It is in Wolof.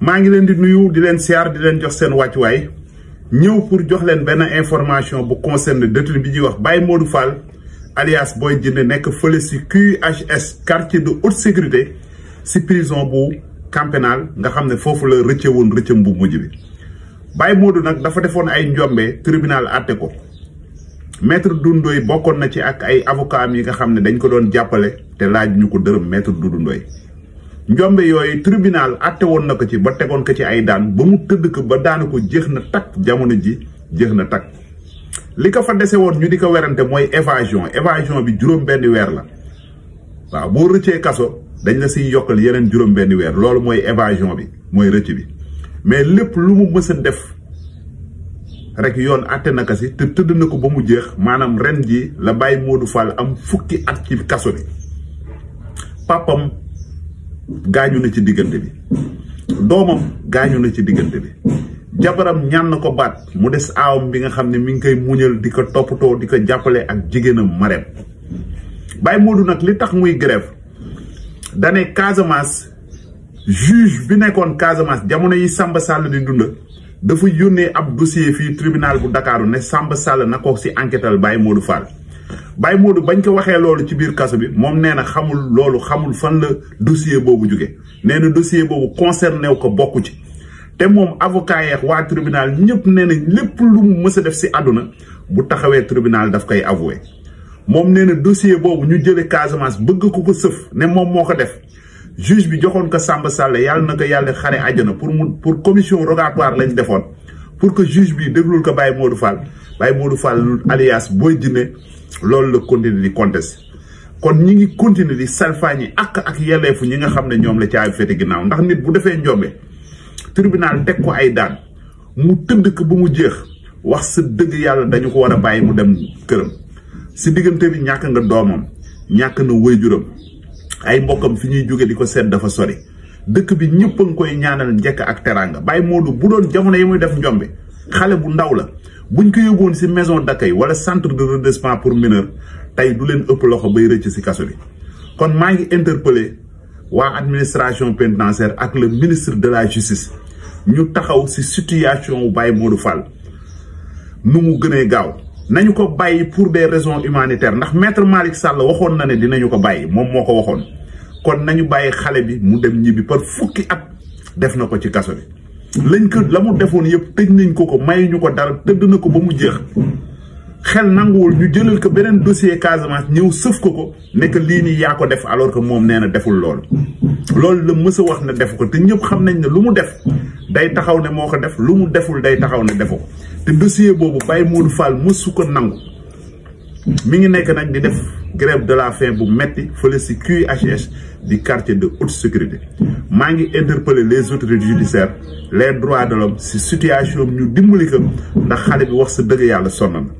maa ngi leen di nuyu di leen siyaar di leen jox seen wàccuwaay ñëw pour jox leen benn information bu concerne détenu bi ñuy wax Baye Modou fal alias booy Djiné nekk fële si QHS quartier du haute sécurité si prison bu Camp nga xam ne foofu la rëcce woon rëccam bu mujj bi Baye Modou nag dafa defoon ay njombe tribunal àtte ko maître Doudou Ndoye bokkoon na ci ak ay avocat yi nga xam ne dañ ko doon jàppale te laaj ñu ko dërëm maître Doudou Ndoye njombe yooyu tribunal atte woon na ko ci ba tegoon ko ci ay daan ba mu tëdd ko ba daanu ko jeex na takk jamono ji jeex na takk li ko fa dese woon ñu di ko werante mooy évasion évasion bi juróom benn weer la waaw boo rëccee kaso dañ la siy yokkal yeneen juróom benn weer loolu mooy évasion bi mooy rëcc bi mais lépp lu mu mës def rek yoon àtte na ko si te tëdd na ko ba mu jeex maanaam ren ji la bàyyi Modou Fall am fukki at ci kaso bi gaañu na ci diggante bi doomam gaañu na ci diggante bi jabaram ñaan na ko baat mu des aawam bi nga xam ne mi ngi koy muñal di ko toppatoo di ko jàppale ak jigéenam mareem Baye Modou nag li tax muy grève dane Casamance juge bi nekkoon Casamance jamono yi Samba Sall di dund dafa yónnee ab dossier fii tribunal bu Dakaaru ne sàmba Sall na ko si enquêtal Baye Modou Fall Baye Modou bañ ko waxee loolu ci biir kaso bi moom nee na xamul loolu xamul fan la dossier boobu jóge nee na dossier boobu concerné wu ko bokku ci te moom avocat waa tribunal ñëpp nee na lépp lu mu mës def si àdduna bu taxawee tribunal daf koy avoué moom nee na dossier boobu ñu jële Casamance bëgg ko ko sëf ne moom moo ko def juge bi joxoon ko Samba Sall yàlla na ko yàlla xare àjjana pour mu pour commission rogatoire lañ defoon pour que juge bi déglul ko Baye Modou Fall Baye Modou Fall alias booy Djiné loolu la continuer di contester kon ñi ngi continuer di ñi ak ak yelleefu ñi nga xam ne ñoom la caabi féete ginnaaw ndax nit bu defee njombe tribunal deg ko ay daan mu tëdd ko ba mu jeex wax sa dëgg yàlla dañu ko war a bàyyi mu dem këram si diggante bi ñàkk nga doomam ñàkk na juram ay mbokkam fi ñuy jóge di ko seet dafa sori dëkk bi ñëpp a koy ñaanal njekk ak teraanga Baye Modou bu doon jamono yi muy def njombe xale bu ndaw la buñ ko yóbboon si maison d'accueil wala centre de redressement pour mineur tey du leen ëpp loxo bay rëcc si kaso bi kon maa ngi interpellé waa administration pénitentiaire ak le ministre de la justice ñu taxaw si situation wu Baye Modou Fall nu mu gënee gaaw nañu ko bàyyi pour des raisons humanitaires ndax maître Malick Sall waxoon na ne dinañu ko bàyyi moom moo ko waxoon kon nañu bàyyi xale bi mu dem ñibbi par fukki at def na ko ci kaso bi lañ ko la mu defoon yëpp tëj nañ ko ko mayuñu ko dara tëdd na ko ba mu jeex xel nanguwul ñu jëlal ko beneen dossier Casamance ñëw sëf ko ko nekk lii nii yaa ko def alors que moom nee na deful loolu loolu la mës wax ne def ko te ñëpp xam nañ ne lu mu def day taxaw ne moo ko def lu mu deful day taxaw ne defu ko te dossier boobu Baye Modou Fall mësu ko nangu mi ngi nekk nañ di def grève de la faim bu metti fële si QHS di quartier de haute sécurité maa ngi interpeller les autorités judiciaires les droits de l'homme si situation ñu dimbali ko ndax xale bi wax sa dëgg yàlla sonn na